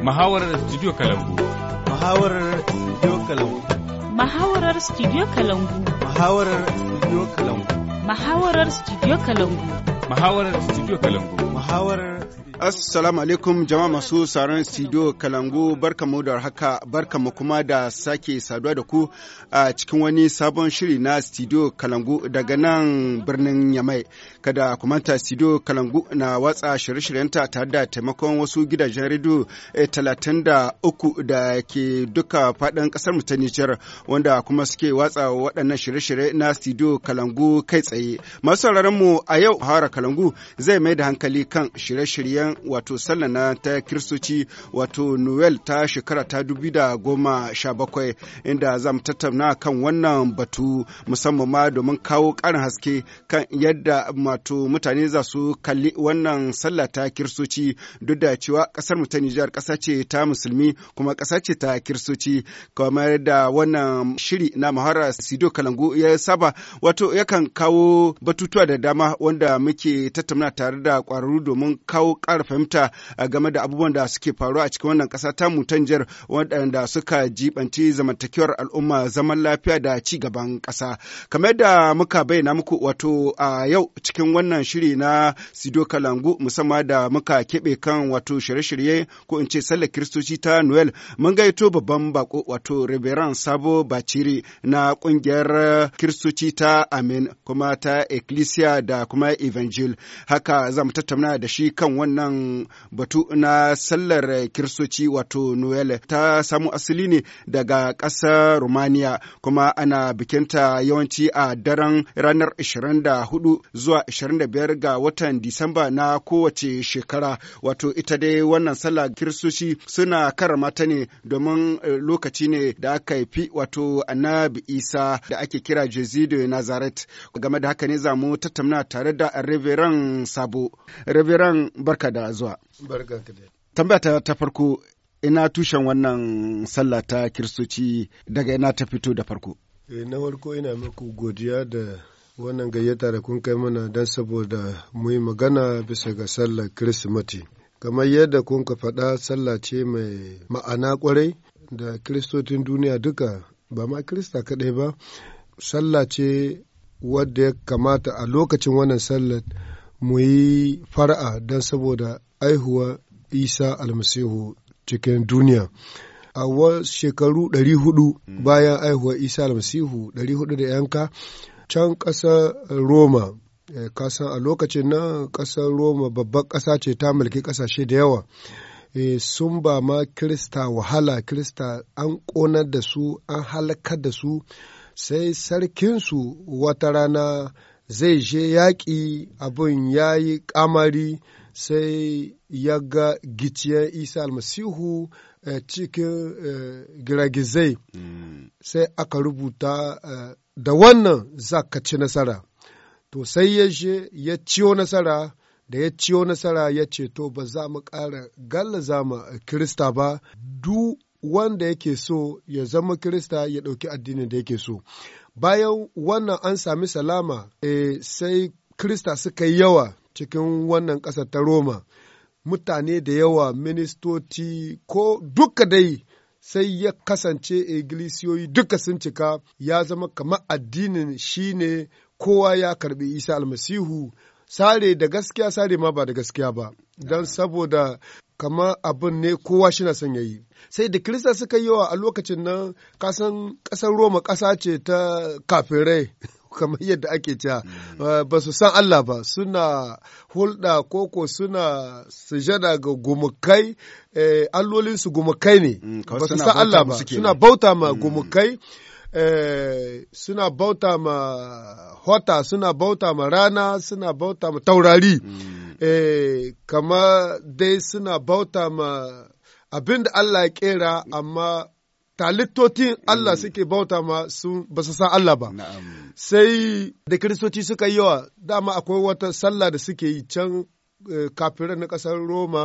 Mahawarar Studio Kalambu. Mahawarar Studio Kalambu. Mahawarar Studio Kalambu. Mahawarar Studio Kalambu. Mahawarar Studio Kalambu. Mahawarar Studio Kalambu. Muhawarar Assalamu alaikum jama'a masu sauran studio Kalangu barkamu da haka barkamu kuma da sake saduwa da ku a cikin wani sabon shiri na studio Kalangu daga nan birnin Yamai. Kada manta studio Kalangu na watsa shirye-shiryenta tare da taimakon wasu gidajen rediyo eh, talatin da uku da ke duka faɗin ƙasar mu ta Nijar wanda kuma suke watsa waɗannan shirye-shirye na studio Kalangu kai tsaye. Masu mu a yau hawara Kalangu zai mai da hankali kan shirye-shiryen wato sallah na ta kiristoci wato noel ta shekara ta dubi da goma sha bakwai inda za mu tattauna kan wannan batu musamman ma domin kawo ƙarin haske kan yadda wato mutane za su kalli wannan sallah ta kiristoci duk da cewa kasar mu ta nijar ƙasa ce ta musulmi kuma ƙasa ce ta kiristoci kamar da wannan shiri na mahara sido kalangu ya saba wato yakan kawo batutuwa da dama wanda muke tattauna tare da ƙwararru domin kawo ƙarin ƙara fahimta eh, game da abubuwan da suke faruwa a cikin wannan ƙasa ta mutanjar waɗanda suka jibanci zamantakewar al'umma zaman lafiya da ci gaban ƙasa. Kamar da muka bayyana muku wato a yau cikin wannan shiri na Sido Kalangu musamman da muka keɓe kan wato shirye-shirye ko in ce sallar kiristoci ta Noel mun gaito babban bako wato Reverend Sabo Baciri na ƙungiyar kiristoci ta Amin kuma ta Ecclesia da kuma Evangel. Haka za mu tattauna da shi kan wannan wannan batu na sallar kirsoci wato noel ta samu asali ne daga ƙasar romania kuma ana bikinta yawanci a daren ranar 24 zuwa 25 ga watan disamba na kowace shekara wato ita dai wannan sallar kirsoci suna karamata ne domin eh, lokaci ne da aka fi wato annabi isa da ake kira jezido de nazaret game da haka ne za mu tattauna tare da reveran sabo reveran barka da zuwa. Tambaya ta, ta farko ina tushen wannan sallah ta kiristoci daga ina ta fito da farko. Eh, na farko ina maku godiya da wannan gayyata da kun kai mana don saboda mu magana bisa ga sallar kirismati Kamar yadda kun ka faɗa sallah ce mai ma'ana kwarai da kiristocin duniya duka ba ma kirista kaɗai ba, sallah ce wadda ya kamata a lokacin wannan sallar mu yi fara'a don saboda aihuwa isa almasihu cikin duniya a wasu shekaru 400 mm. bayan aihuwar isa almasihu 400 da yanka can ƙasar roma eh, kasan a lokacin nan ƙasar roma babban ƙasa ce ta mulki ƙasashe da yawa eh, sun ba ma kirista wahala kirista an ƙonar da su an halakar da su sai sarkinsu wata rana zai je yaƙi abin ya yi ƙamari sai ya ga giciyar isa almasihu eh, cikin eh, giragizai hmm. sai aka rubuta eh, da wannan za ka ci nasara to sai ya je ya ciyo nasara da ya ciyo nasara ya ce to ba za mu ƙara gallaza ma kirista ba duk wanda yake so ya zama kirista ya ɗauki addinin da yake so Bayan wannan an sami salama, e, sai Krista suka yi yawa cikin wannan ƙasar ta Roma, mutane da yawa, ministoci ko duka dai sai ya kasance iglisiyoyi duka sun cika ya zama kamar addinin shine kowa ya karbi Isa almasihu sare da gaskiya sare ma ba da gaskiya ba. Don saboda kama abin ne kowa shi na son yayi sai da kirista suka yi wa a lokacin nan kasan kasar roma kasa ce ta kafirai kamar yadda ake cewa mm. eh, ba su san Allah ba suna hulɗa koko suna sujada ga gumukai eh, allolinsu gumukai ne mm, ba su san Allah ba suna bauta ma mm. gumukai Eh, suna bauta ma hota suna bauta ma rana suna bauta ma taurari mm. eh, kama dai suna bauta ma abin da Allah ya kera amma talittotin Allah mm. suke bauta ma sun ba su san Allah ba. Sai da kiristoci suka yi yawa dama akwai wata sallah da suke yi can eh, kafiran na ƙasar Roma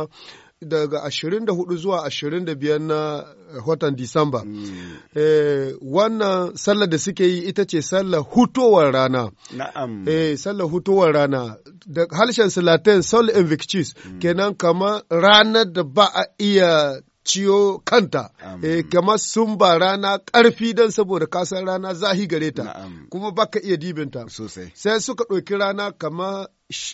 daga 24 zuwa 25 na eh, watan Disamba. Mm. Eh, wannan sallar da suke yi ita ce sallar hutowar rana. Na'am. Eh, sallar hutowar rana. Da harshen Latin Sol Invictus mm. kenan kama ranar da ba a iya ciyo kanta kama eh, kamar sun ba rana ƙarfi don saboda kasan rana zahi gare ta kuma baka iya dibinta sosai sai suka ɗauki rana kama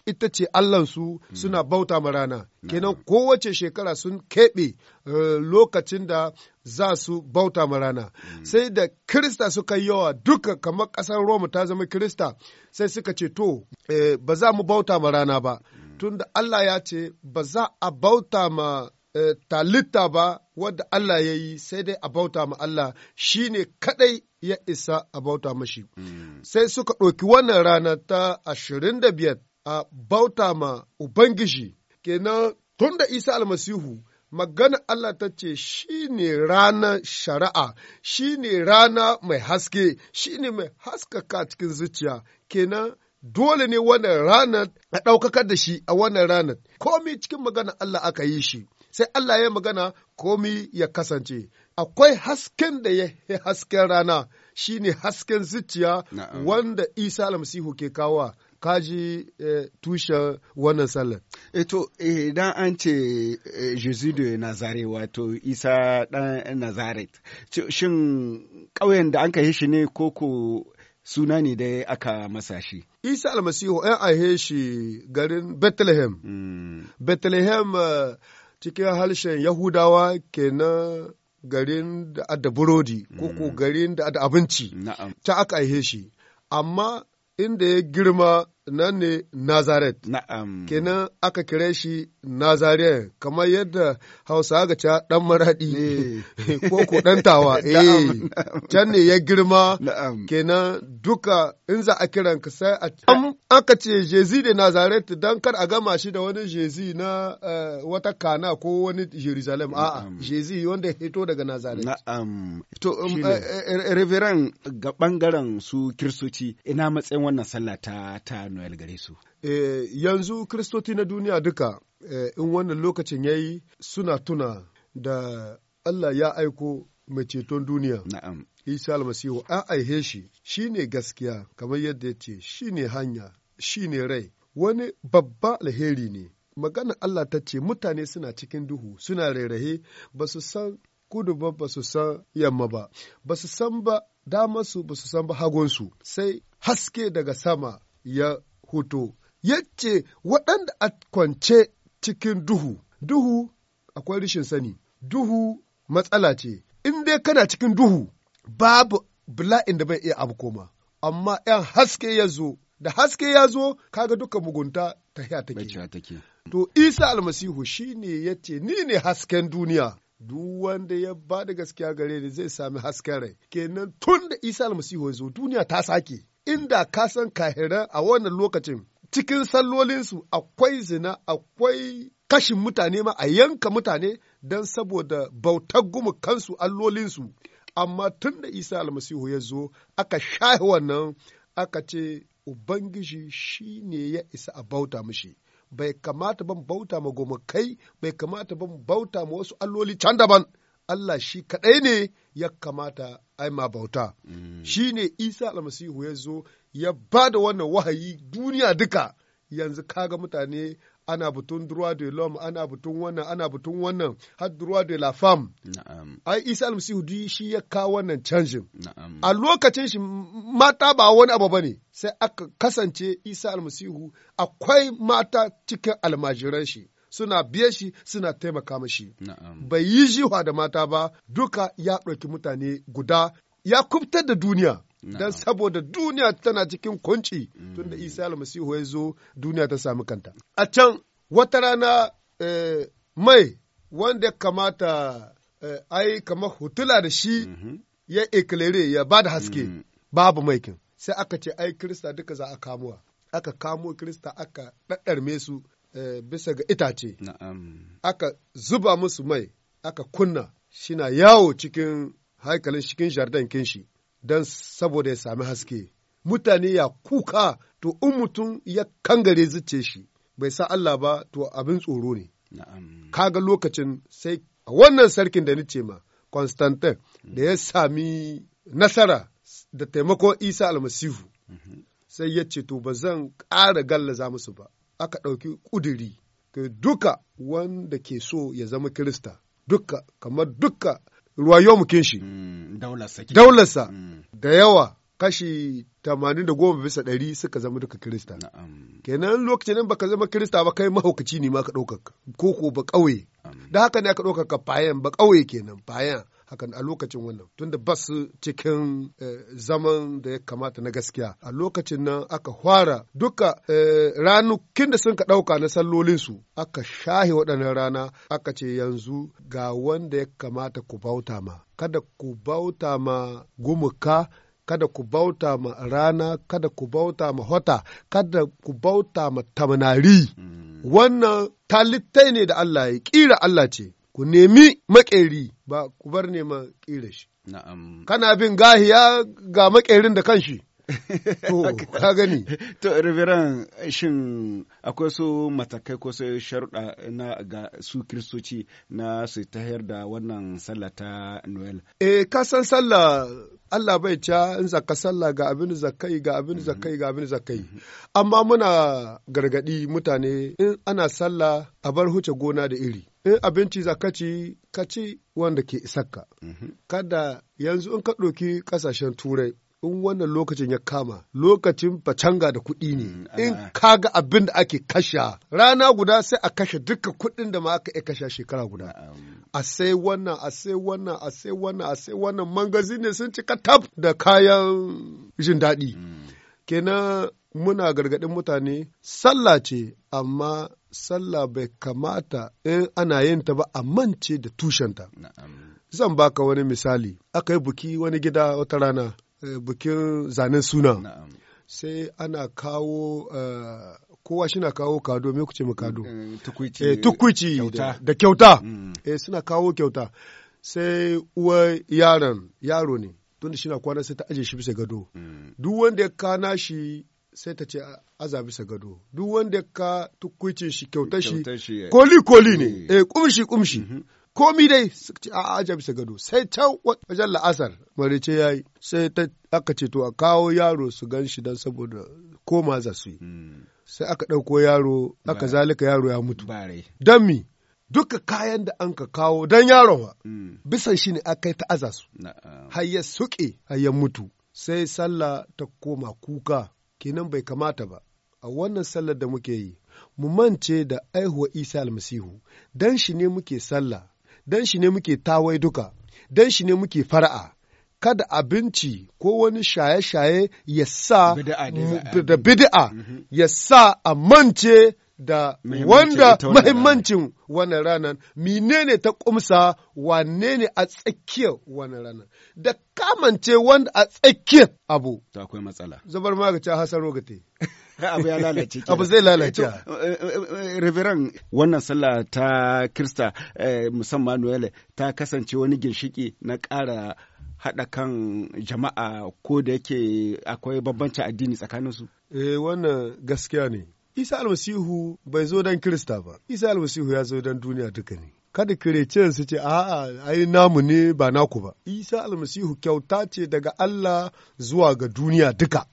ita ce Allahnsu hmm. suna bauta ma rana kenan kowace shekara sun keɓe eh, lokacin da za su bauta ma rana hmm. sai da Kirista suka yi yawa duka kamar ƙasar Roma ta zama Kirista sai suka ce to eh, ba za mu bauta ma rana ba hmm. tunda Allah ya ce ba za a bauta ma Eh, litta ba wadda Allah ya yi sai dai a bauta ma Allah shi ne kaɗai ya isa a bauta mashi. Hmm. Sai suka ɗauki wannan rana ta ashirin da biyar a bauta ma Ubangiji, kenan tun da Isa almasihu magana Allah ta ce shi ne rana shari'a, shi ne rana mai haske, shi ne mai haskaka cikin zuciya, kenan dole ne wannan ranar a ɗaukakar da shi a wannan ranar. Komi cikin magana Allah aka yi shi, sai Allah ya magana komi ya kasance. Akwai hasken da ya hasken rana shi ne hasken zuciya wanda Isa almasihu ke kawa kaji eh, tushen wannan sallar. Eto, eh, eh, idan an ce Jesu de Nazare wato Isa ɗan Nazaret, shin ƙauyen da an ka shi ne koko suna ne da aka masa shi. Isa almasihu ‘yan ahe shi garin Bethlehem. Mm. Bethlehem cikin harshen Yahudawa kenan garin da adda burodi ko ko mm. garin da adda abinci ta aka aihe shi amma inda ya girma nan ne Nazaret. Kenan aka kire shi Nazaret kamar yadda Hausa ga ca dan maraɗi ko ko dan tawa. Eh, can ne ya girma. Kenan duka in za a kiran ka sai a aka ce jezi da nazaret don kar a gama shi da wani jezi na eh, wata kana ko wani jerusalem a'a jezi wanda ya hito daga nazaret na'am to um, eh, eh, Reveren ga bangaren su kiristoci ina matsayin wannan sallah ta ta noel gare su yanzu kiristoci na duniya duka in wannan lokacin ya yi suna tuna da Allah ya aiko mai ceton duniya. Na'am. Isa almasihu an aihe shi, shi ne gaskiya, kamar yadda ya ce, shi ne hanya, shine rai wani babba alheri ne maganar Allah ta ce mutane suna cikin duhu suna rairaye ba su san kudu ba ba su san yamma ba ba su san ba damarsu ba su san ba hagonsu sai haske daga sama ya huto yace waɗanda a kwance cikin duhu duhu akwai rashin sani duhu matsala ce in dai kana cikin duhu babu bila'in da bai iya abu koma amma ‘yan haske ya zo da haske ya zo kaga duka mugunta ta take to isa almasihu shi ne ya ce ni ne hasken duniya duk wanda ya ba da gaskiya gare ni zai sami hasken rai kenan tun da isa almasihu ya zo duniya ta sake inda ka san kahira a wannan lokacin cikin sallolinsu akwai zina akwai kashin mutane ma a yanka mutane don saboda bautar gumu kansu allolinsu amma tun da isa almasihu ya zo aka shahi wannan aka ce Ubangiji shi ne ya isa a bauta mishi. Bai kamata ban bauta ma gomakai, bai kamata ban bauta ma wasu alloli can daban. Allah shi kaɗai ne ya kamata ai ma bauta. Mm. Shi ne Isa almasihu ya zo ya ba da wannan wahayi duniya duka. Yanzu kaga mutane ana butun droit de l'homme ana butun wannan ana butun wannan har droit de la femme ai isa almasihu duk shi ya kawo wannan canjin a lokacin shi mata ba wani abu bane sai aka kasance isa almasihu akwai mata cikin almajiran shi suna biye shi suna taimaka mashi bai yi jiwa da mata ba duka ya ɗauki mutane guda ya kubtar da duniya Dan saboda duniya tana cikin kunci Tun mm. tunda isa almasihu ya zo duniya ta sami kanta a can wata rana eh, mai wanda ya kamata eh, ai kamar hutula da shi mm-hmm. ya ikilere ya ba da haske mm. babu maikin sai aka ce ai kirista duka za a kamuwa aka kamo kirista aka ɗaɗɗarme su eh, bisa ga itace aka zuba musu mai aka kunna shina yawo cikin haikalin cikin jardin kinshi don saboda ya sami haske mutane ya kuka to in mutum ya kangare zuce shi bai sa Allah ba to abin tsoro ne kaga lokacin sai wannan sarkin da nice ma Constantine mm. da ya sami nasara da taimakon Isa almasihu mm-hmm. sai ya ce to ba zan ƙara gallaza musu ba aka ɗauki ƙuduri duka wanda ke so ya zama Kirista duka kamar duka ruwayomu mukin shi. Hmm, daularsa hmm. da yawa kashi tamanin da goma bisa ɗari suka zama duka kirista kenan lokacin nan baka zama kirista ba kai mahaukaci ne ma ka ɗaukaka ko ba ƙauye da haka ne aka ɗaukaka fayan ba ƙauye kenan fayan hakan a lokacin wannan tunda ba su cikin eh, zaman da ya kamata na gaskiya a lokacin nan aka fara duka eh, ranukin da sun ka ɗauka na sallolinsu aka shahe waɗannan rana aka ce yanzu ga wanda ya kamata ku bauta ma kada ku bauta ma gumuka kada ku bauta ma rana kada ku bauta ma hota kada ku bauta ma tamanari mm. wannan talittai ne da Allah ya kira Allah ce ku nemi makeri ba ku bar nema ƙira shi. Na'am. Kana bin gahiya ga makerin da kanshi. To, ka gani. To, Reverend, shin akwai su matakai ko su sharuɗa na ga su kiristoci na su tahiyar da wannan sallah ta Noel? e ka san sallah Allah bai ca in zaka sallah ga abin zakai ga abin zakai ga abin zakai. Mhm. Amma muna gargaɗi mutane in ana sallah a bar huce gona da iri. in abinci za ka ci ka ci wanda ke isakka mhm. kada yanzu in ka ɗauki ƙasashen turai in wannan lokacin ya kama lokacin bacanga da kuɗi ne mm, in kaga abin da ake kasha rana guda sai a kashe duka kuɗin da ma aka iya kasha shekara guda a sai wannan a sai wannan a sai wannan a sai wannan mangazi ne sun cika taf. da kayan jin daɗi mm. kenan muna gargaɗin mutane sallah ce amma sallah bai kamata in ana yin ta ba a mance da tushenta. Zan baka wani misali, aka yi buki wani gida wata rana, eh, bukin zanen suna. Sai ana kawo eh, kowa shi na kawo kado me kuce mu kado mm, mm, tukwici eh, da kyauta e suna kawo kyauta sai uwa yaron yaro ne tunda shi na kwana sai ta aje shi bisa gado duk wanda ya kana shi sai ta ce aza bisa gado duk wanda ka tukwicin shi kyauta shi eh. koli koli ne mm-hmm. eh kumshi kumshi mm-hmm. komi dai a aja bisa gado sai can wajen la'asar marice ya yi sai ta aka ce to a kawo yaro su gan shi don saboda koma za su yi mm. sai aka ɗauko yaro aka zalika yaro ya mutu don mi duka kayan da an ka kawo don yaron wa mm. bisan shi ne aka yi ta'aza su har ya suke har mutu sai sallah ta koma kuka kenan bai kamata ba a wannan sallar da muke yi mu mance da aihuwa isa almasihu dan shi ne muke sallah dan shi ne muke tawai duka dan shi ne muke fara'a kada abinci ko wani shaye-shaye ya sa da bid'a mm-hmm. ya sa a mance da wanda mahimmancin wannan ranar, menene ta kumsa wane ne a tsakiyar wannan ranar, da kamance wanda a tsakiyar abu. To akwai matsala. Zabar magacin hasaro ga abu ya lalace abu zai lalace eh, eh, eh, reveran wannan sallah ta krista musamman manuel ta kasance wani ginshiki na ƙara haɗa kan jama'a ko da yake akwai bambancin addini tsakaninsu eh wannan gaskiya ne isa almasihu bai zo don kirista ba isa almasihu ya zo don duniya duka ne kada kirecen su ce a'a ai namu ne ba naku ba isa almasihu kyauta ce daga allah zuwa ga duniya duka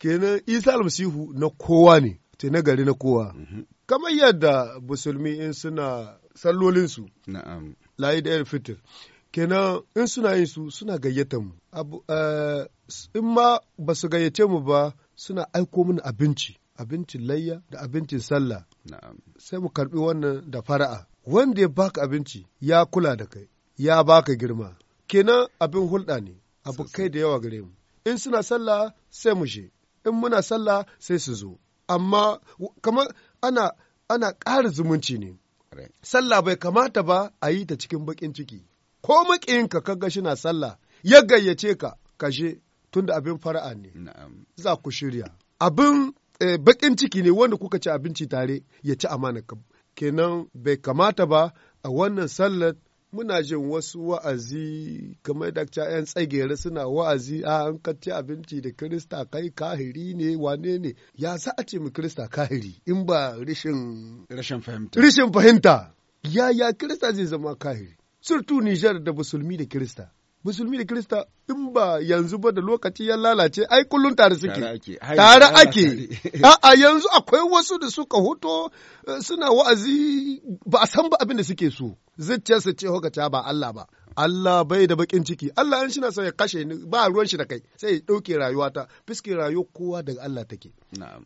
kenan isa almasihu na kowa ne ce na gari na kowa mhm. kamar yadda musulmi in suna sallolinsu layi da fitir kenan in suna yin su suna gayyata mu eh, in ma ba su gayyace mu ba suna aiko mana abinci abincin layya da abincin sallah sai mu karbi wannan da fara'a wanda ya baka abinci ya kula da kai ya baka girma kenan abin hulɗa ne abu kai da yawa gare mu in suna sallah sai mu je in muna sallah sai su zo amma kamar ana ƙara zumunci ne sallah bai kamata ba a yi ta cikin baƙin ciki ko maƙiyinka ka shi na sallah ya gayyace ka kashe tunda abin fara'a ne za ku shirya abin Eh, bakin ciki ne wanda kuka ci abinci tare ya ci amana kenan bai kamata ba a wannan sallar muna jin wasu wa'azi kamar da ‘yan tsagere suna wa'azi a an ci abinci da Kirista kai kahiri ne wane ne ya sa a ce mu Kirista kahiri in ba rashin rashin fahimta rishin fahimta ya ya Kirista zai zama kahiri surtu Nijar da musulmi da Kirista musulmi da kirista in ba yanzu ba da lokaci ya lalace ai kullun tare suke tare ake a yanzu akwai wasu da suka hoto eh, suna wa'azi ba a san ba abin da suke so su ce hokaca ba Allah ba Allah bai da bakin ciki Allah an shina sai ya kashe ni ba ruwan shi da kai sai ya dauke ta fiske rayuwa kowa daga Allah take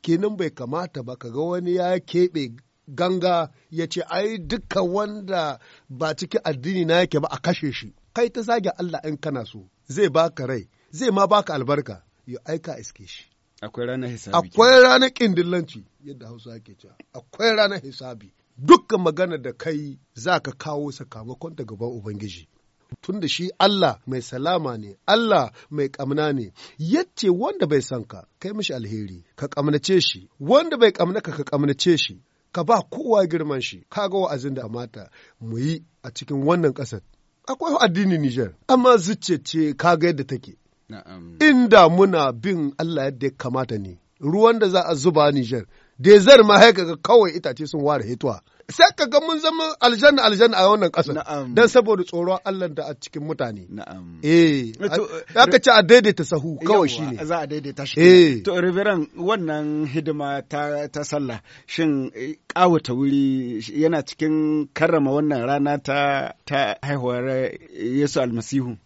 kenan bai kamata ba kaga wani ya keɓe ganga ya ce ai duka wanda ba cikin addini na yake ba a kashe shi kai ta zage Allah in kana so zai baka rai zai ma baka albarka ya aika iske shi akwai ranar hisabi akwai ranar kindillanci yadda Hausa yake cewa akwai ranar hisabi dukkan magana da kai za ka kawo sakamakon ta gaban Ubangiji. Tunda shi Allah mai salama ne, Allah mai kamna ne, yace wanda bai san ka, kai mishi alheri, ka kamnace shi, wanda bai kamna ka, ka kamnace shi, ka ba kowa girman shi, ka ga wa'azin da mata mu yi a cikin wannan ƙasar. akwai addini Nijar, amma zuce ce kaga yadda take. Inda muna bin Allah yadda ya kamata ne, ruwan da za a zuba Nijar, dezar ma haika kawai itace sun ware hituwa. sai ka ga mun zama aljanna aljanna a wannan ƙasar dan saboda tsoron Allah da a cikin mutane na'am eh aka ce a daidaita sahu kawai shine za a daidaita shi eh. to reverend wannan hidima ta ta sallah shin kawata eh, wuri yana cikin karrama wannan rana ta ta haihuwar eh, Yesu almasihu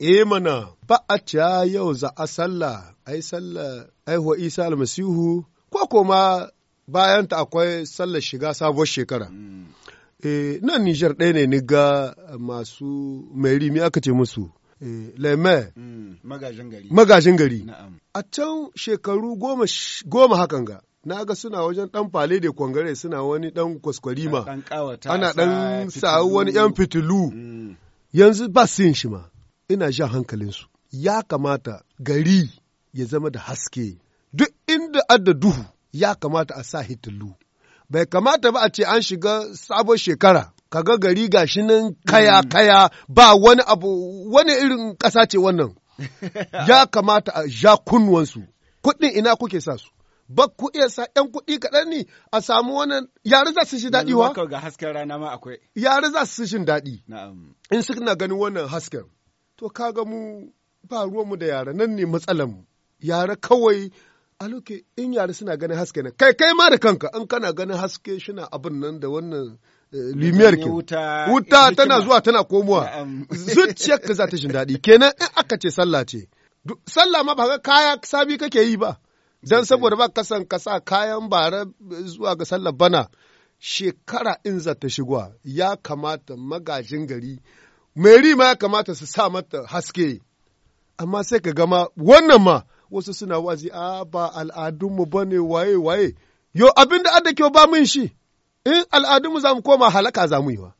eh mana ba a yau za a sallah ai sallah haihuwar Isa almasihu ko kuma bayanta akwai sallar shiga sabuwar shekara eh, nan Nijar ɗaya ne ni ga masu mai aka ce musu eh, leme mm, magajin gari a can shekaru goma hakan ga na ga suna wajen dan fale da kwangare suna wani dan kwaskwarima ana dan sa'a wani yan fitilu mm. yanzu ba su shi ma ina jan hankalinsu ya kamata gari ya zama da haske duk inda adda duhu ya kamata a sa hitullu. Bai kamata ba a ce an shiga sabon shekara, kaga gari gashi nan kaya-kaya mm. ba wani abu, wani irin ƙasa ce wannan. ya kamata a ja kunnuwansu, kuɗin ina kuke sa su. ba ku iya sa ‘yan kuɗi kaɗan ne a samu wannan yare za su shi daɗi wa? ga hasken rana ma akwai. Yare za su shi daɗi. In na ganin wannan hasken. To kaga mu ba ruwanmu da yare nan ne matsalanmu. mu. Yare kawai loke in yare suna ganin haske ne kai kai ma da kanka in kana ganin haske shina abin nan da wannan eh, limiyar ke wuta tana zuwa tana komowa zuciyar ka za ta jin daɗi kenan in aka ce sallah ce sallah ma ba ka kaya sabi kake yi ba dan saboda ba ka san ka sa kayan bara zuwa ga sallah bana shekara in za ta shigwa ya kamata magajin gari mai ma ya kamata su sa mata haske amma sai ka gama wannan ma wasu suna wazi a ba al'adunmu ba ne waye waye yo abin da adda kyau ba mun shi in al'adunmu za mu koma halaka za mu yi wa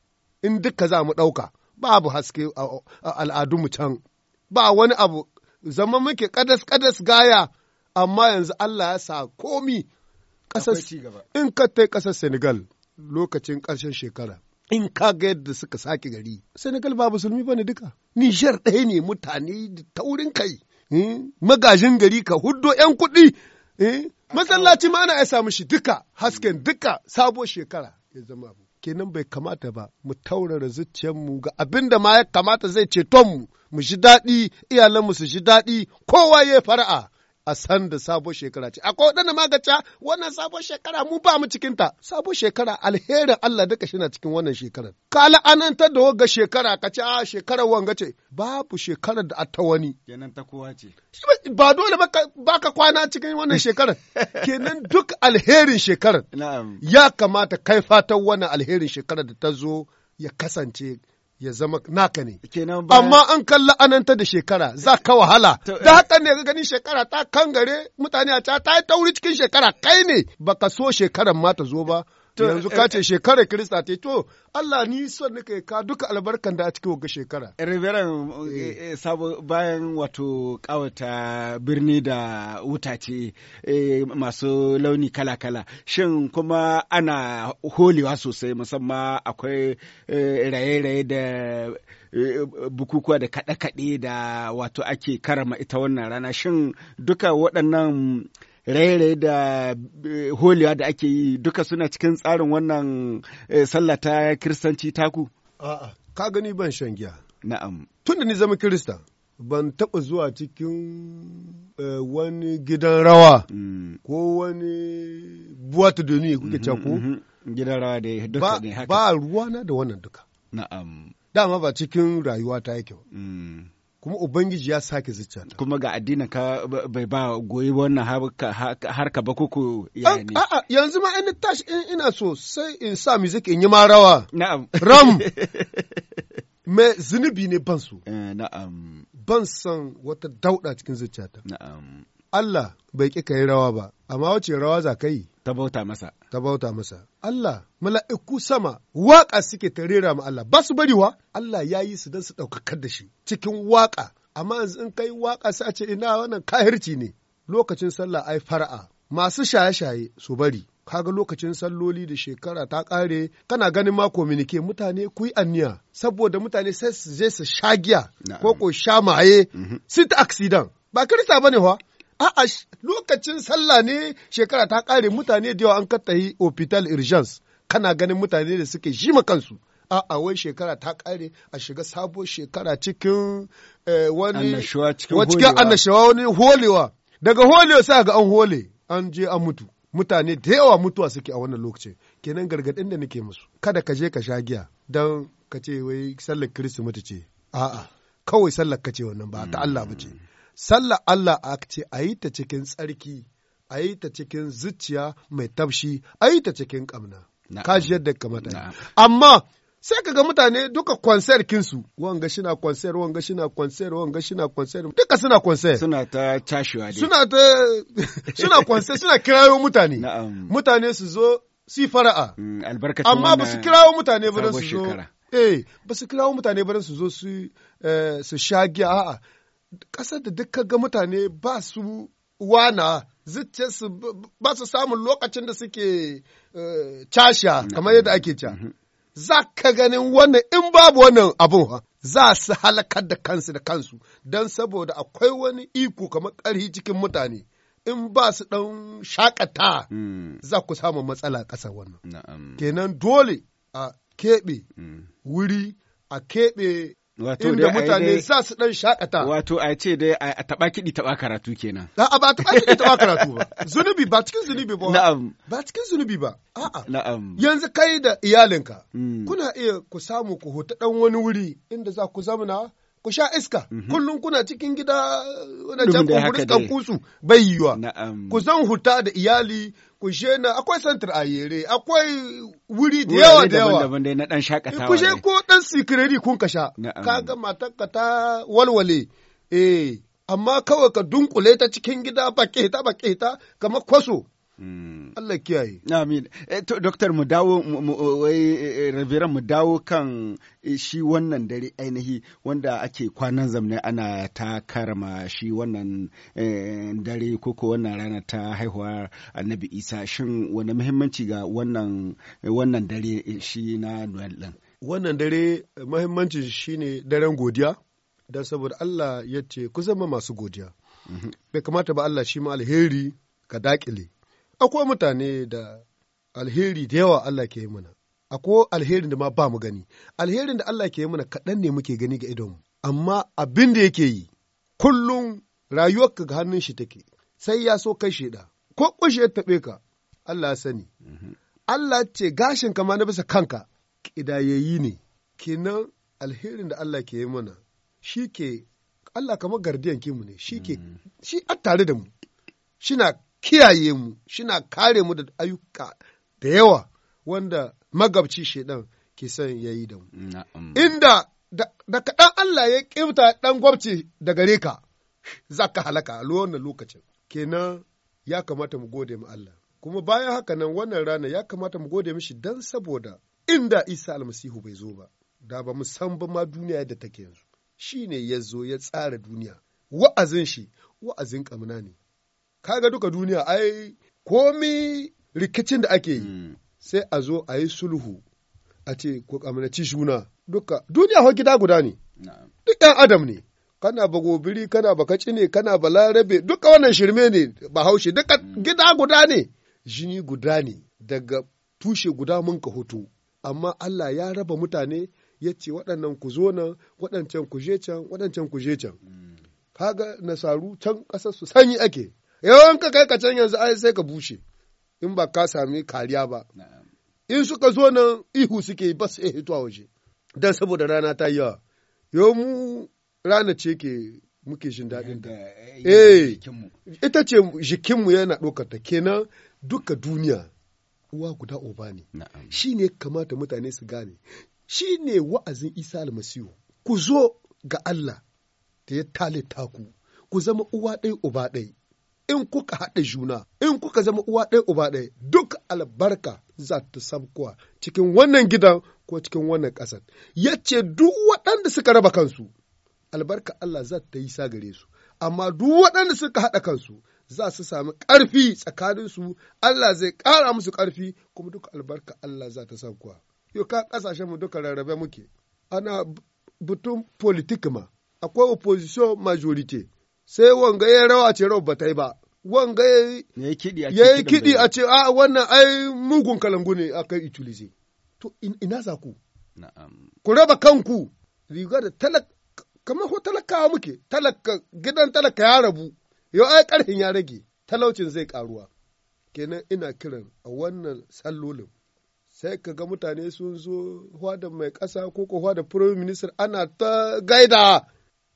in duka za mu ɗauka babu haske al'adunmu can ba wani abu zama muke kadas kadas gaya amma yanzu Allah ya sa komi in ka tai ƙasar Senegal lokacin ƙarshen shekara in ka ga yadda suka sake gari Senegal ba musulmi ne duka Nijar ɗaya ne mutane da taurin kai Eh? magajin gari ka huddo 'yan kuɗi, eh? masallaci ma ana ya samu shi duka hasken duka sabo shekara ya zama abu. Kenan bai kamata ba mu taurara zuciyarmu ga abin da ma ya kamata zai ceton mu mu ji daɗi iyalanmu su ji daɗi kowa ya fara'a a san da sabon shekara ce. Akwai waɗanda magaca wannan sabon shekara mu ba mu cikinta. Sabon shekara alherin Allah duka shi na cikin wannan shekarar. Ka la'ananta da ga shekara ka ce a shekarar wanga ce babu shekarar da ta wani. Kenan ta kowa ce. Ba dole ba ka kwana cikin wannan shekarar. Kenan duk alherin shekarar. Ya kamata kai fatan wannan alherin shekarar da ta zo ya kasance ya zama naka ne. Amma an kalla ananta da shekara za ka wahala, eh. da haka ne ga ganin shekara ta kangare mutane a ta yi tauri cikin shekara kai ne baka so shekaran ma ta zo ba. yanzu ka eh, ce shekarar Kirista ta to Allah ni son ne ka duka albarkan da a cikin wagga shekara. Eh, reverend eh. sabo bayan wato kawata birni da wutace masu launi kala-kala shin kuma ana holewa sosai musamman akwai raye-raye da bukukuwa da kaɗe-kaɗe da wato ake karama ita wannan rana shin duka waɗannan raye-raye da eh, holiya da ake yi duka suna cikin tsarin wannan eh, sallah ta kiristanci taku? A'a, ka gani ban shan giya. Na'am. Tun da ni zama kirista, ban taɓa zuwa cikin eh, wani gidan rawa mm. ko wani buwatu da ni kuke mm-hmm, ko? Mm-hmm. Gidan rawa da duka ne haka. Ba na da wannan duka. Na'am. Dama ba cikin rayuwa ta yake ba. Mm. kuma ubangiji ya sake zuciya kuma ga addinin ka bai ba goyi wannan ka ba kuku ya ne a'a ah, ah, ah, yanzu ma ina tash in ina so sai in sa music in yi ma rawa na'am ram me zunubi ne ban so eh, na'am ban san wata dauda cikin zuciyata na'am Allah bai ƙi ka yi rawa ba, amma wace rawa za ka yi? Ta bauta masa. Ta bauta masa. Allah, mala'iku sama, waƙa suke ta rera ma Allah, ba su bari wa? Allah ya yi su don su ɗaukakar da shi cikin waƙa, amma yanzu in kai waƙa sace ce ina wannan kahirci ne. Lokacin sallah ai fara'a, masu shaye-shaye su bari. kaga lokacin salloli da shekara ta ƙare kana ganin ma kominike mutane ku yi anniya saboda mutane sai su je su sha giya ko ko sha maye mhm. sit accident ba kirista ba ne wa? a'a lokacin sallah ne shekara ta ƙare mutane da yawa an yi hospital urgence kana ganin mutane da suke shi kansu a'a wai shekara ta ƙare a shiga sabo shekara cikin eh, wani cikin annashawa wani holewa daga holewa sai ga an hole an je an mutu mutane da yawa mutuwa suke a wannan lokacin kenan gargaɗin da nake musu kada ka je ka sha giya don ka ce wai sallar kirsimeti ce a'a kawai sallar ka ce wannan ba ta Allah ba ce hmm. salla Allah a ce a yi ta cikin tsarki, a yi ta cikin zuciya mai tafshi, a yi ta cikin ƙamna. Kashi yadda kamata. Amma sai ka ga mutane duka konser kinsu wanga shina konser wanga shina konser wanga shina konser duka suna konser suna ta tashiwa dai suna ta suna konser suna kirayo mutane mutane su zo su fara'a mm, amma ba su kirawo mutane ba su zo eh ba su kirawo mutane ba su zo su eh, shagiya a'a ƙasar da duk ga mutane ba su wana zuciyarsu ba su samun lokacin da suke eh, casha kamar yadda ake ca. Mm-hmm. Za ka ganin wannan in babu wannan abun za su halakar da kansu da kansu don saboda akwai wani iko kamar ƙarhi cikin mutane. in ba su ɗan shakata mm. za ku samu matsala ƙasa wannan. Kenan dole a keɓe mm. wuri a keɓe Wato inda mutane za su ɗan shaƙata. Wato a ce dai a taɓa kiɗi taɓa karatu kenan. A'a ba taɓa kiɗi taɓa karatu ba. Zunubi ba cikin zunubi ba. Na'am. Ba cikin zunubi ba. A'a. Na'am. Yanzu kai da iyalinka. Hmm. Kuna iya ku samu ku hota ɗan wani wuri inda za ku zamana ku sha iska mhm. kullum kuna cikin gida wani uh, can kumburin kusu bai yiwa ku zan huta da iyali ku she na akwai santar ayere akwai wuri da yawa da yawa ku she ko dan sikirari kun ka sha kaga matarka ta walwale eh amma kawai ka dunkule ta cikin gida baƙeta baƙeta kamar kwaso Allah kiyaye. Amin. Eh, to, Doktor, mu dawo, wai, eh, eh, Ravira, mu dawo kan shi wannan dare ainihi wanda ake kwanan zamne ana ta karama shi wannan dare koko wannan rana ta haihuwar annabi Isa. Shin wani muhimmanci ga wannan dare shi na Noel ɗin? Wannan dare muhimmanci shi ne daren godiya, don saboda Allah ya ce, kusan ma masu godiya. Mhm. Bai kamata ba Allah shi ma alheri ka daƙile. akwai mutane da alheri da yawa Allah ke yi mana akwai alherin da ma ba mu gani alherin da Allah ke yi mana kaɗan ne muke gani ga idonmu amma abin da yake yi kullum rayuwarka ga hannun shi take sai ya so kai sheda ko kushe ya taɓe ka Allah sani mhm. Allah ce gashin kama na bisa kanka ƙidayayi ne kenan alherin da Allah ke yi mana shi ke Allah kamar gardiyan kimu ne shi ke mm. shi a tare da mu shi na kiyaye mu shina kare mu da ayyuka da yawa wanda magabci shaidan ke son ya yi da mu inda da kaɗan Allah ya ƙifta ɗan gwabci da gare ka za ka halaka a wannan lokacin kenan ya kamata mu gode mu Allah kuma bayan haka nan wannan rana ya kamata mu gode mishi dan saboda inda Isa almasihu bai zo ba da ba mu san ba ma duniya da take yanzu Shi ne ya zo ya tsara duniya wa'azin shi wa'azin ƙamna ne kaga duka duniya ai komi rikicin da ake yi hmm. sai a zo a yi sulhu a ce ku kamanaci shuna duka duniya gida guda ne duk ɗan adam ne kana ba gobiri kana ba kaci ne kana ba larabe duka wannan shirme ne ba haushe duka hmm. gida guda ne jini guda ne daga tushe guda mun ka hoto amma Allah ya raba mutane ya ce waɗannan ku zo nan waɗancan ku je can waɗancan ku je can hmm. kaga nasaru can ƙasar su sanyi ake yawan ka kai ka can yanzu ai sai ka bushe in ba ka sami kariya ba in suka zo nan ihu suke ba su iya hituwa waje dan saboda rana ta yawa yau mu rana ce ke muke jin daɗin ta eh ita ce jikinmu yana ɗaukata kenan duka duniya uwa guda uba ne shi ne kamata mutane su gane shi ne wa'azin isa almasihu ku zo ga Allah da ya tale taku ku zama uwa ɗai uba ɗai in kuka haɗa juna in kuka zama uwa ɗaya uba ɗaya duk albarka za ta samkuwa cikin wannan gidan ko cikin wannan ƙasar yace duk waɗanda suka raba kansu albarka Allah za ta yi sagare su amma duk waɗanda suka haɗa kansu za su sami ƙarfi tsakaninsu Allah zai ƙara musu ƙarfi kuma duk albarka Allah za ta samkuwa yau ka mu duka rarrabe muke ana butun politik ma akwai opposition majority sai wanga ya rawa ce rawar ba ta yi ba wanga ya yi kiɗi a ce a wannan ai mugun kalangu ne a kai itulize. to ina za ku ku raba kanku riga da talak kamar ko talakawa muke talaka gidan talaka ya rabu yau ai karhin ya rage talaucin zai karuwa kenan ina kiran a wannan sallolin sai ka ga mutane sun zo hwada mai ƙasa ko ko hwada prime minister ana ta gaida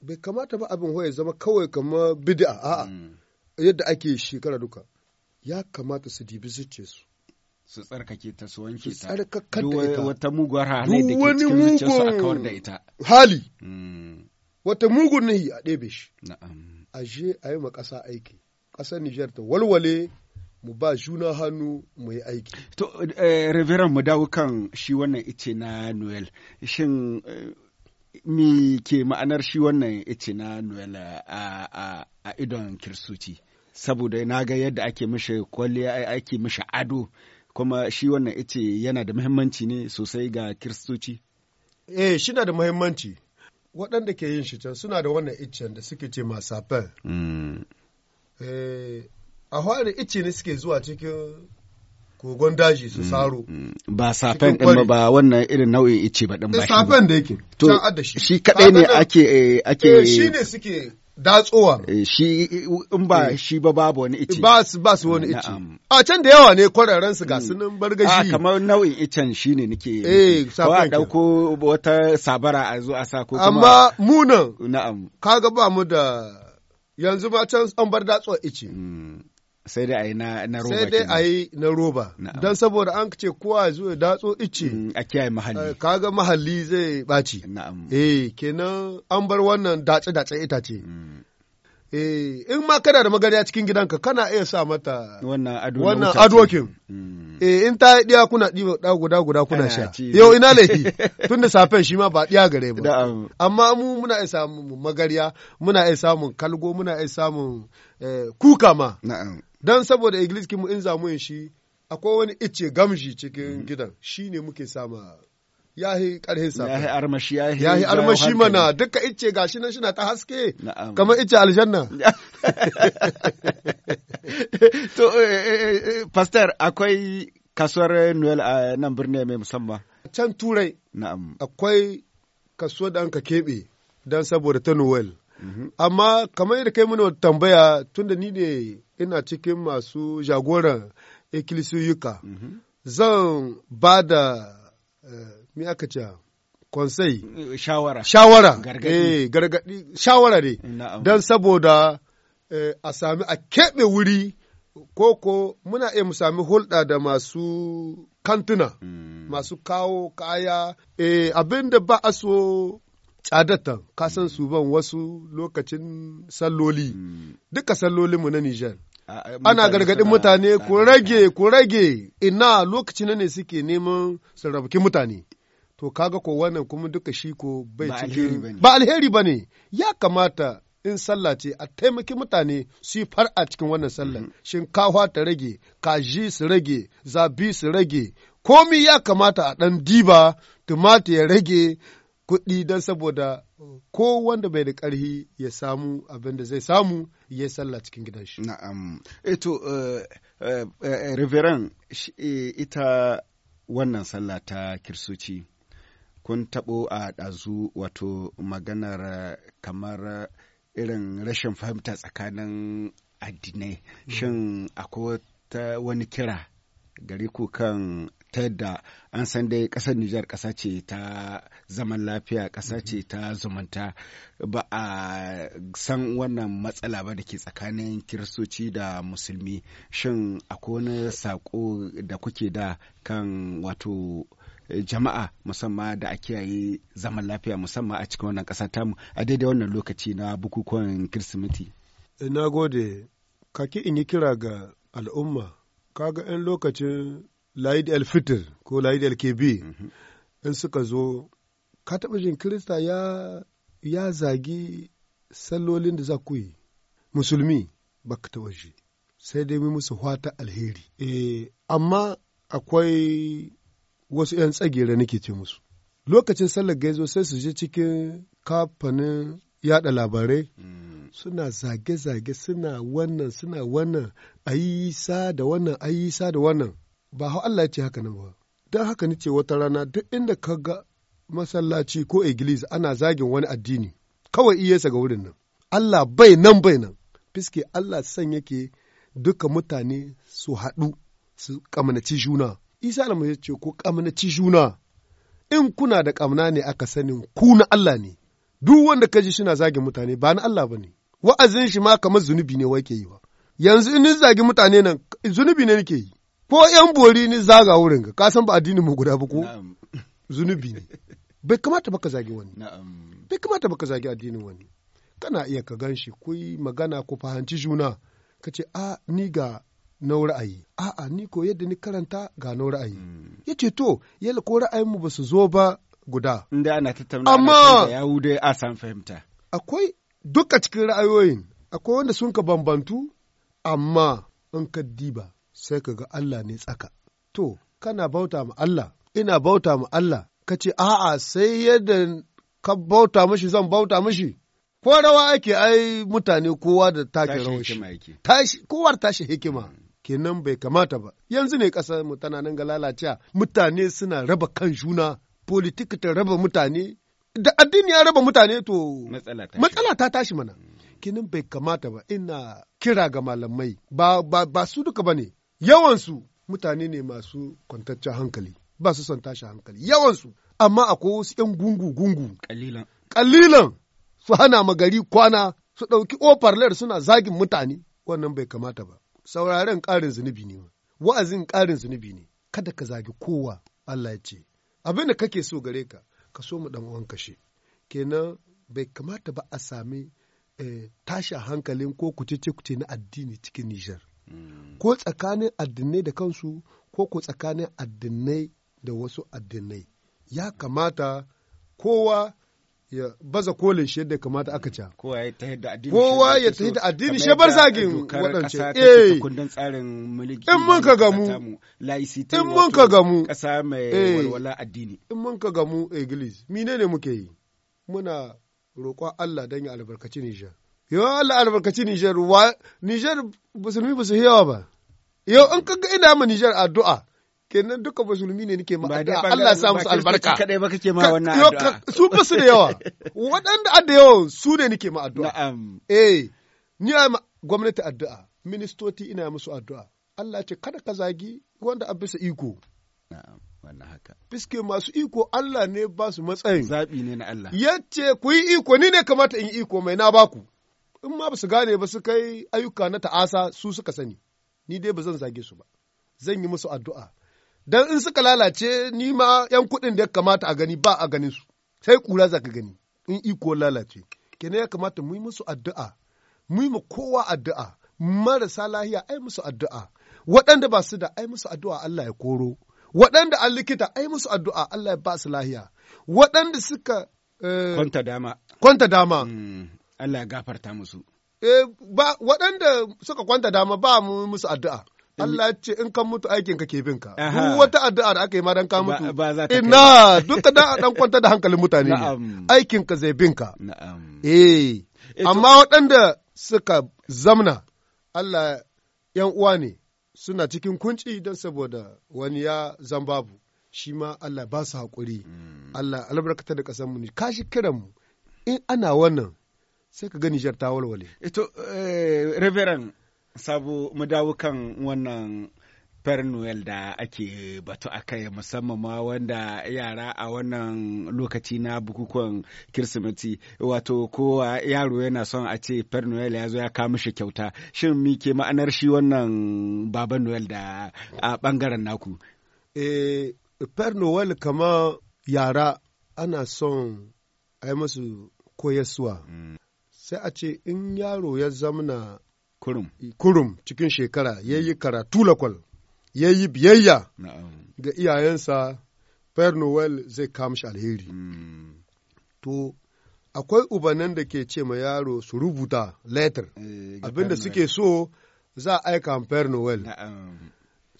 bai kamata ba abin ya zama kawai kama bid'a a hmm. yadda ake shekara duka ya kamata su dibi zuce su su tsarkake ta su wanke ta duk wata muguwar hali da ke cikin zuciyarsu a kawar da ita hali hmm. wata mugun nahi a ɗebe shi a je a yi ma ƙasa aiki ƙasar Nijar ta walwale mu ba juna hannu mu yi aiki. To, eh, Reverend mu dawo kan shi wannan ice na Noel, shin eh, me ke ma'anar shi wannan ice na Noel a idon Kirsuci? Saboda na ga yadda ake mishi kwalliya ake mishi ado kuma shi wannan ice yana da muhimmanci ne sosai ga Kiristoci? Eh, shi na da muhimmanci. Waɗanda ke yin shi can suna da wannan icen da suke ce masafen. Mm. Eh, a hwari ice ne suke zuwa cikin kogon daji su mm, saro. Mm. Ba safen ɗin ba wannan irin nau'in ice ba ɗin ba. Eh, safen da yake. To shi kaɗai ne ake eh, ake. Eh, shi ne suke datsowa. Shi in ba shi ba babu wani ice. Ba su ba su wani ice. A can da yawa ne kwararren su ga sunan bargashi. A ah, kamar nau'in icen shi ne nake. Eh safen. Ba ɗauko wata sabara a zo a sa ko kuma. Amma munan. Na'am. Kaga ba mu da yanzu ma can an bar datsuwa ice. Mm. sai dai a yi na roba sai dai a yi na roba don saboda an ce kowa zo ya datso ice mm, a kiyaye mahalli eh, kaga mahalli zai ɓaci eh kenan an bar wannan dace dace itace mm. eh in ma kana da magarya cikin gidanka kana iya sa mata wannan adwokin mm. eh in ta diya kuna diba da guda guda kuna sha yau ina laifi tun da safen shi ma ba diya gare ba amma mu muna iya samun magarya muna iya samun kalgo muna iya samun eh, kuka ma don saboda iglis mu in zamu yin shi akwai wani ice gamshi cikin mm-hmm. gidan shi ne muke sama ya yi ƙarhin sa ya yi armashi mana duka ice shi nan na ta haske kamar ice aljanna to eh, eh, eh, pastor akwai kasuwar noel a nan birni mai musamman can turai akwai kasuwar da an ka keɓe don saboda ta noel mm-hmm. amma kamar yadda kai mana tambaya tunda ni ne ina cikin masu jagoran ikilisiyuka mhm. zan ba da eh, mi aka ce konsai eh, shawara eh, gargadi shawara ne don saboda a sami a keɓe wuri koko muna iya mu sami hulɗa da masu kantuna mm. masu kawo kaya abinda abin da ba a so tsadatan kasan mm. su ban wasu lokacin salloli mm. duka sallolinmu na Nijar ana gargaɗin mutane ku rage ku rage ina lokaci ne suke neman sarrafakin mutane to kaga ko wannan kuma duka shi ko bai cikin ba alheri ba ne ya kamata in sallah ce a taimaki mutane su yi a cikin wannan sallar mm-hmm. shinkafa ta rage kaji su rage zabi su rage komi ya kamata a ɗan diba tumati ya rage kuɗi don saboda ko wanda bai da ƙarfi ya samu abin da zai samu ya sallah cikin gidan shi. Na'am. Eto, eh, eh, eh, Reverend, ita wannan sallah ta kirsoci, kun taɓo a ɗazu wato maganar kamar irin rashin fahimta tsakanin addinai. Mm. Shin akwai wani kira gari ku kan ta yadda an san dai kasar Nijar ƙasa ce ta zaman lafiya kasa ce ta zumunta ba a san wannan matsala ba da ke tsakanin kiristoci da musulmi shin akwai wani sako da kuke da kan wato jama'a musamman da a kiyaye zaman lafiya musamman a cikin wannan ta tamu a daidai wannan lokaci na bukukuwan kirsimeti. Eh, na gode, kaki in yi kira ga al'umma, kaga 'yan lokacin Laid el-Fitr ko Laid el-Kebi mhm. in suka zo, ka taɓa jin Kirista ya, ya zagi sallolin da za ku yi, musulmi ba ka taɓa shi, sai dai musu hwata alheri. eh amma akwai wasu ‘yan tsagera nake ce musu. Lokacin sallar gaizo sai su je cikin kafanin yada labarai mm. suna zage-zage suna wannan suna wannan ayisa da wannan ayisa da wannan ba hau Allah ya ce haka nan ba don haka ce wata rana duk inda ka ga masallaci ko iglis ana zagin wani addini kawai iya sa ga wurin nan Allah bai nan bai nan fiske Allah san yake duka mutane su haɗu su kamanaci juna isa alamu ya ce ko kamanaci juna in kuna da kamna ne aka sanin ku na Allah ne duk wanda ka ji shina zagin mutane ba na Allah ba ne wa'azin shi ma kamar zunubi ne wake yi ba yanzu in zagi mutane nan zunubi ne nake yi ko yan bori ni zaga wurin ka ka san ba addinin mu guda ba ko zunubi ne bai kamata ba ka zagi wani bai kamata ba ka zagi addinin wani kana iya ka gan shi magana ko fahimci juna ka ce a ni ga na ra'ayi a'a ni ko yadda ni karanta ga na ra'ayi mm. ya ce to yalla ko mu ba su zo ba guda inda ana tattauna amma ya dai a san fahimta akwai duka cikin ra'ayoyin akwai wanda sun ka bambantu amma in ka diba sai ka ga Allah ne tsaka. To, kana bauta ma Allah, ina bauta ma Allah, ka ce, a'a sai yadda ka bauta mashi zan bauta mashi. Ko rawa ake ai mutane kowa da take rawashi. Tashi kowar tashi hikima. Kenan bai kamata ba. Yanzu ne ƙasar mu tana nan ga lalacewa. Mutane suna raba kan juna, politik ta raba mutane, da addini ya raba mutane to matsala ta tashi mana. Kenan bai kamata ba ina kira ga malamai ba ba, ba su duka ne. yawansu mutane ne masu kwantaccen hankali ba su son tashi hankali yawansu amma akwai wasu 'yan gungu-gungu kalilan kalilan su hana magari kwana su ɗauki ofarlar suna zagin mutane wannan bai kamata ba sauraren ƙarin zunubi ne wa'azin ƙarin zunubi ne kada ka zagi kowa Allah ya ce abin da kake so gare ka ka so mu dan uwan kashe kenan bai kamata ba a sami eh, tasha hankalin ko kuce-kuce na addini cikin Nijar ko tsakanin addinai da kansu ko ko tsakanin addinai da wasu addinai ya kamata kowa ya baza kolin shi yadda kamata aka ca kowa ya tafi da addini shi bar sagin wadance eh kundin tsarin mulki in mun ka gamu in mun ka gamu kasa mai eh. walwala addini in mun ka gamu iglis menene muke yi muna roƙon Allah dan ya albarkaci Nijar yau Allah albarkaci Nijar wa Nijar musulmi ba su yawa ba yau an kaga ina ma Nijar addu'a kenan duka musulmi ne nake ma addu'a Allah sa musu albarka kadai ba kake ma wannan addu'a su ba su da yawa waɗanda adda yawa su ne nake ma addu'a na'am eh ni ma gwamnati addu'a ministoci ina musu addu'a Allah ce kada ka zagi wanda a bisa iko na'am wannan haka. Fiske masu iko Allah ne ba su matsayin. zabi ne na Allah. Yace ku yi iko ni ne kamata in yi iko mai na baku. in ma ba su gane ba su kai ayyuka na ta'asa su suka sani ni dai ba zan zage su ba zan yi musu addu'a dan in suka lalace ni ma yan kuɗin da ya kamata a gani ba a ganin su sai kura za ka gani in iko lalace kenan ya kamata mu yi musu addu'a mu yi ma kowa addu'a marasa lahiya ai musu addu'a waɗanda ba su da ai musu addu'a Allah ya koro waɗanda an likita ai musu addu'a Allah ya ba su lahiya waɗanda suka eh, kwanta dama kwanta dama hmm. Allah ya gafarta musu. Eh, ba waɗanda suka kwanta dama ba mu musu addu'a. Allah ce in kan mutu aikin ka kebin ka. Duk wata addu'a da aka yi ma dan ka mutu. Ina duka da dan kwanta da hankalin mutane ne. Aikin ka zai bin ka. Eh. eh amma waɗanda suka zamna Allah ‘yan uwa ne suna cikin kunci don saboda wani ya zan babu shi ma Allah ba su haƙuri. Mm. Allah albarkata da ƙasar mu ne kashi kiran mu in ana wannan sai ka ga Nijar ta walwale. Ito, eh, Reveren, sabo mu dawo kan wannan Fernuel da ake batu a kai musamman ma wanda yara a wannan lokaci na bukukuwan Kirsimeti wato kowa yaro yana son a ce Fernuel ya zo ya kawo mishi kyauta shin mi ke ma'anar shi wannan Baba Noel da a bangaren naku? Eh, per Fernuel kama yara ana son a yi masu koyaswa. Mm. sai a ce in yaro ya zamna kurum, cikin shekara ya yi karatu lakwal ya yi biyayya ga iyayensa Père noel zai kamshi alheri. Hmm. To, akwai ubanan da ke ce ma yaro su rubuta letter, eh, abinda suke so za a aika Père noel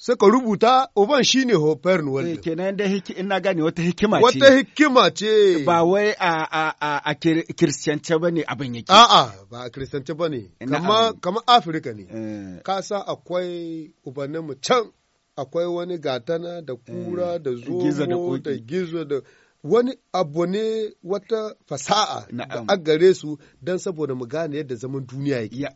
suka rubuta uban shine Hofer eh, Kenan da hiki ina gane wata hikima ce. Wata hikima ce. Ba wai a a a a kiristiyance ne abin yake. A'a ba a kiristiyance bane. Kama kama Afirka ne. Eh. Ka sa akwai ubannin mu can akwai wani gatana da kura eh, da zuwa da gizo da wani abu ne wata fasa'a da a gare su don saboda mu gane yadda zaman duniya yake.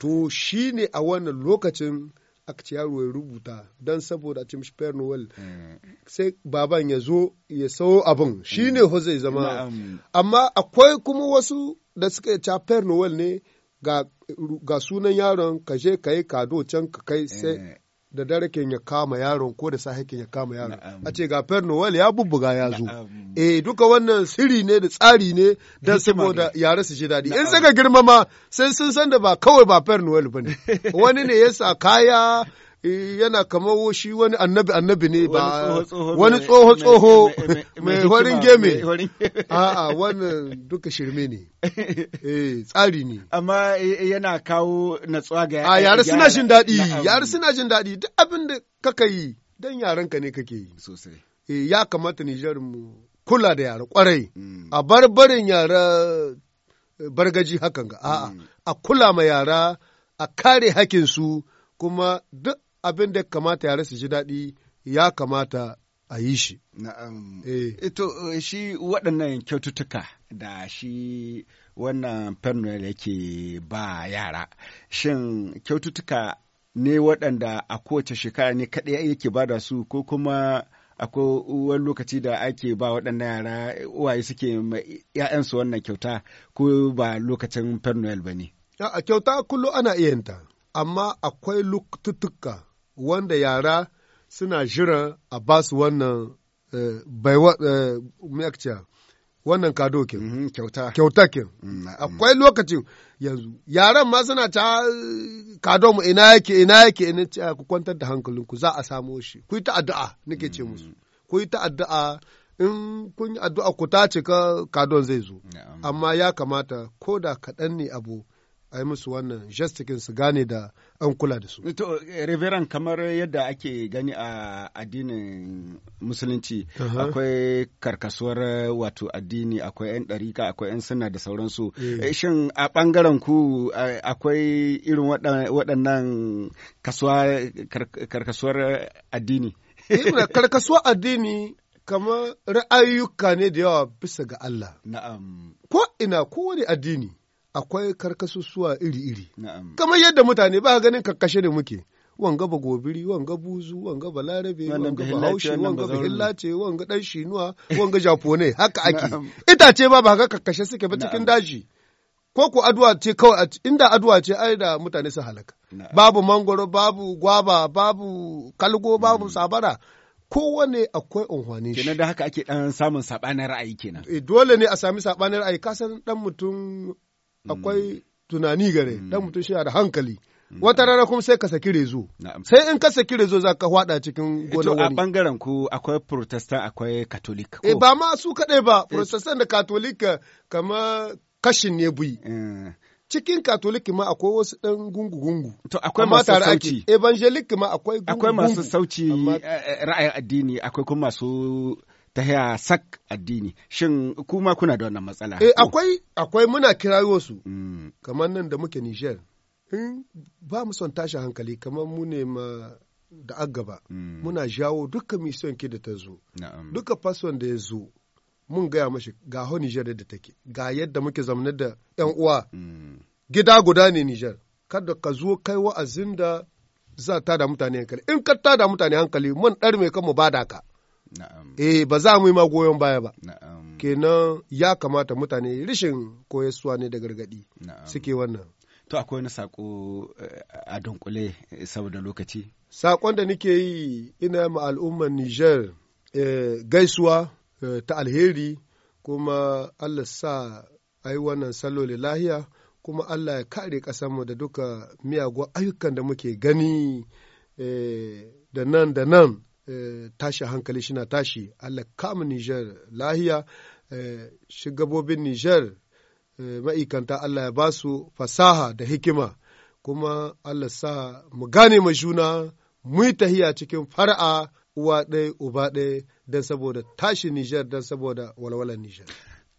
To shi ne a wannan lokacin aka ya rubuta don saboda a ci noel mm. sai baban ya zo ya sawo abin shi ne zai zama amma akwai kuma wasu da suka ci Père ne ga sunan yaron ka je ka yi kado can ka kai sai eh. da dare ke ya kama yaron ko da sahi ke ya kama yaron a ce ga Père noel ya bubbuga ya zo eh duka wannan siri ne da tsari ne don saboda yare su ji dadi in suka girmama sai sun san da ba kawai ba Père ba ne wani ne ya sa kaya Eh, yana kamar shi wani annabi annabi ne ba wani tsoho tsoho mai warin geme a'a wannan duka shirme ne eh, tsari ne amma eh, yana kawo natsuwa ga a yare suna jin daɗi yare suna jin daɗi duk abin da kaka yi dan ka ne kake yi sosai ya kamata Nijar mu kula da yara kwarai mm. a barbarin yara bargaji hakan ga a'a mm. a kula ma yara a kare hakinsu kuma duk abin da kamata ya su ji daɗi ya kamata a yi shi. Ito eh. eh, eh, shi waɗannan kyaututtuka da shi wannan Fernwell yake ba yara. Shin kyaututtuka ne waɗanda a kowace shekara ne kaɗai yake ba da su ko kuma akwai wani lokaci da ake ba waɗannan yara uwaye suke ‘ya'yansu wannan kyauta ko ba lokacin Fernwell ba ne? A kyauta kullum ana iya amma akwai lututtuka wanda yara suna jiran a basu wannan eh, baiwa eh, wannan kado ke mm-hmm, kyauta kyauta ke mm, akwai lokaci yanzu yaran ma suna ta eh, kado mu ina yake ina yake ina ce ah, ku kwantar da hankalinku za a samo shi ku yi ta addu'a nake ce mm. musu ku yi ta addu'a in kun yi addu'a ku ta ka kadon zai zo amma ya kamata ko da kaɗan ne abu a yi musu wannan jastikin su gane da an kula da su. To, Reverend kamar yadda ake gani a addinin musulunci akwai karkasuwar eh, wato addini akwai 'yan ɗarika akwai 'yan suna da sauransu. Eh. Eh, shin a ɓangaren ku akwai irin waɗannan karkasuwar addini? Karkasuwar addini kamar ra'ayuka ne da yawa bisa ga Allah. Na'am. Ko ina kowane addini. akwai karkasussuwa iri-iri. Kamar yadda mutane ba ganin karkashe ne muke. Wanga ba gobiri, wanga buzu, wanga ba larabe, wanga ba haushi, wanga ba hillace, wanga ɗan shinuwa, wanga japone, haka ake. Itace ba ba ga karkashe suke ba cikin daji. Ko ku aduwa ce kawai, inda aduwa ce ai da mutane su halaka. Babu mangoro, babu gwaba, babu kalgo, babu hmm. sabara. kowane akwai unhwanin shi. Kenan da haka ake dan samun sabanin ra'ayi kenan. Eh, dole ne a sami sabanin ra'ayi kasan dan mutum Mm. akwai tunani gare mm. dan mutum shi da hankali mm. wata rana kuma sai ka saki rezo sai in ka saki rezo za ka hwada cikin eh, gonar wani a bangaren ku akwai protestant akwai katolika. eh ba ma su kadai ba eh. protestant da katolika eh, kama kashin ne bui cikin katolik ma akwai wasu ɗan gungu-gungu. To akwai masu sauci. Evangelic ma akwai gungu-gungu. Akwai masu sauci ra'ayin addini akwai kuma masu ta haya sak addini shin kuma kuna da wannan matsala eh akwai akwai muna kirayo su mm. kamar nan da muke Niger in ba mu son tashi hankali kamar mu ne ma da agaba mm. muna jawo duka mission ke da ta zo duka fason da ya zo mun gaya mashi ga ho Niger da take ga yadda muke zamanar da yan uwa mm. gida guda ne Niger kada ka zo kai wa'azin da za ta da mutane hankali in ka ta da mutane hankali mun ɗar mai mu ba da ka eh ba za mu yi ma goyon baya ba kenan ya kamata mutane rishin koyaswa ne da gargadi suke wannan to akwai wani sako eh, a dunkule saboda lokaci sakon da nake yi ina ma al'ummar niger eh, gaisuwa eh, ta alheri kuma allah sa a yi wannan saloli lahiya kuma allah ya kare ƙasarmu da duka miyagun ayyukan da muke gani da nan da nan Eh, tashi hankali shi na tashi Allah kama Niger lahiya eh, shugabobin Niger eh, ma'ikanta Allah ya basu fasaha da hikima kuma Allah sa mu gane ma juna mu yi tahiya cikin fara'a uwa ɗaya uba ɗaya don saboda tashi Niger don saboda walwalar Niger.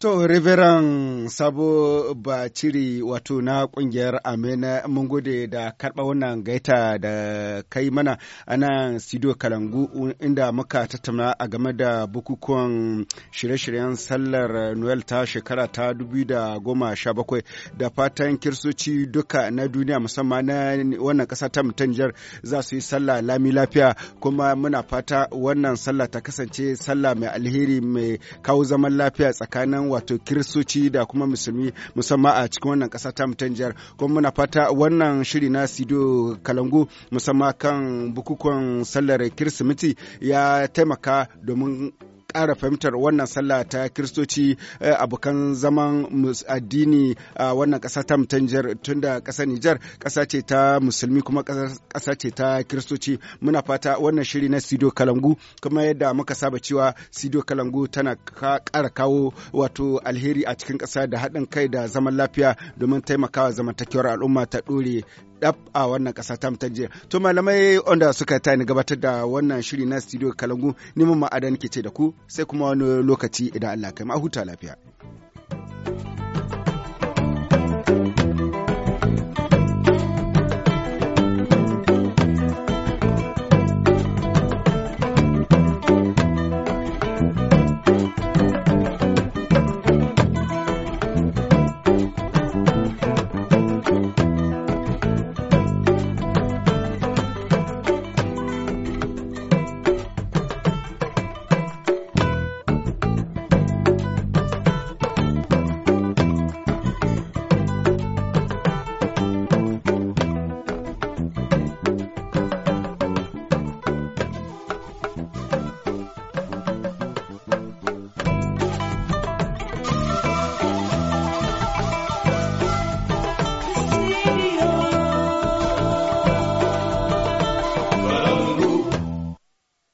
To, Reveran Sabo Baciri wato na kungiyar Amina mun gode da karɓa wannan gaita da kai mana a nan Sido Kalangu inda muka tattauna a game da bukukuwan shirye-shiryen sallar Noel ta shekara ta 2017 da fatan kirsoci duka na duniya musamman na wannan ƙasa ta mutanjar za su yi sallah lami lafiya kuma muna fata wannan sallah ta kasance sallah mai alheri mai kawo zaman lafiya tsakanin wato kiristoci da kuma musulmi musamman a cikin wannan ƙasa ta mutan jihar kuma muna fata wannan shiri na sido kalangu musamman kan bukukuwan sallar kirsimiti ya taimaka domin ƙara fahimtar wannan sallah ta kiristoci eh, abokan zaman addini a wannan ƙasa ta mutanjar da ƙasa Nijar ƙasa ce ta musulmi kuma ƙasa ce ta kiristoci muna fata wannan shiri na Sido Kalangu kuma yadda muka saba cewa Sido Kalangu tana ƙara kawo wato alheri a cikin ƙasa da haɗin kai da zaman lafiya domin taimakawa zamantakewar al'umma ta ɗore dab a wannan kasa ta jiya to malamai onda suka ta ni gabatar da wannan shiri na studio kalangu neman ma'adan ke ce da ku sai kuma wani lokaci idan allah kai ma huta lafiya. thank you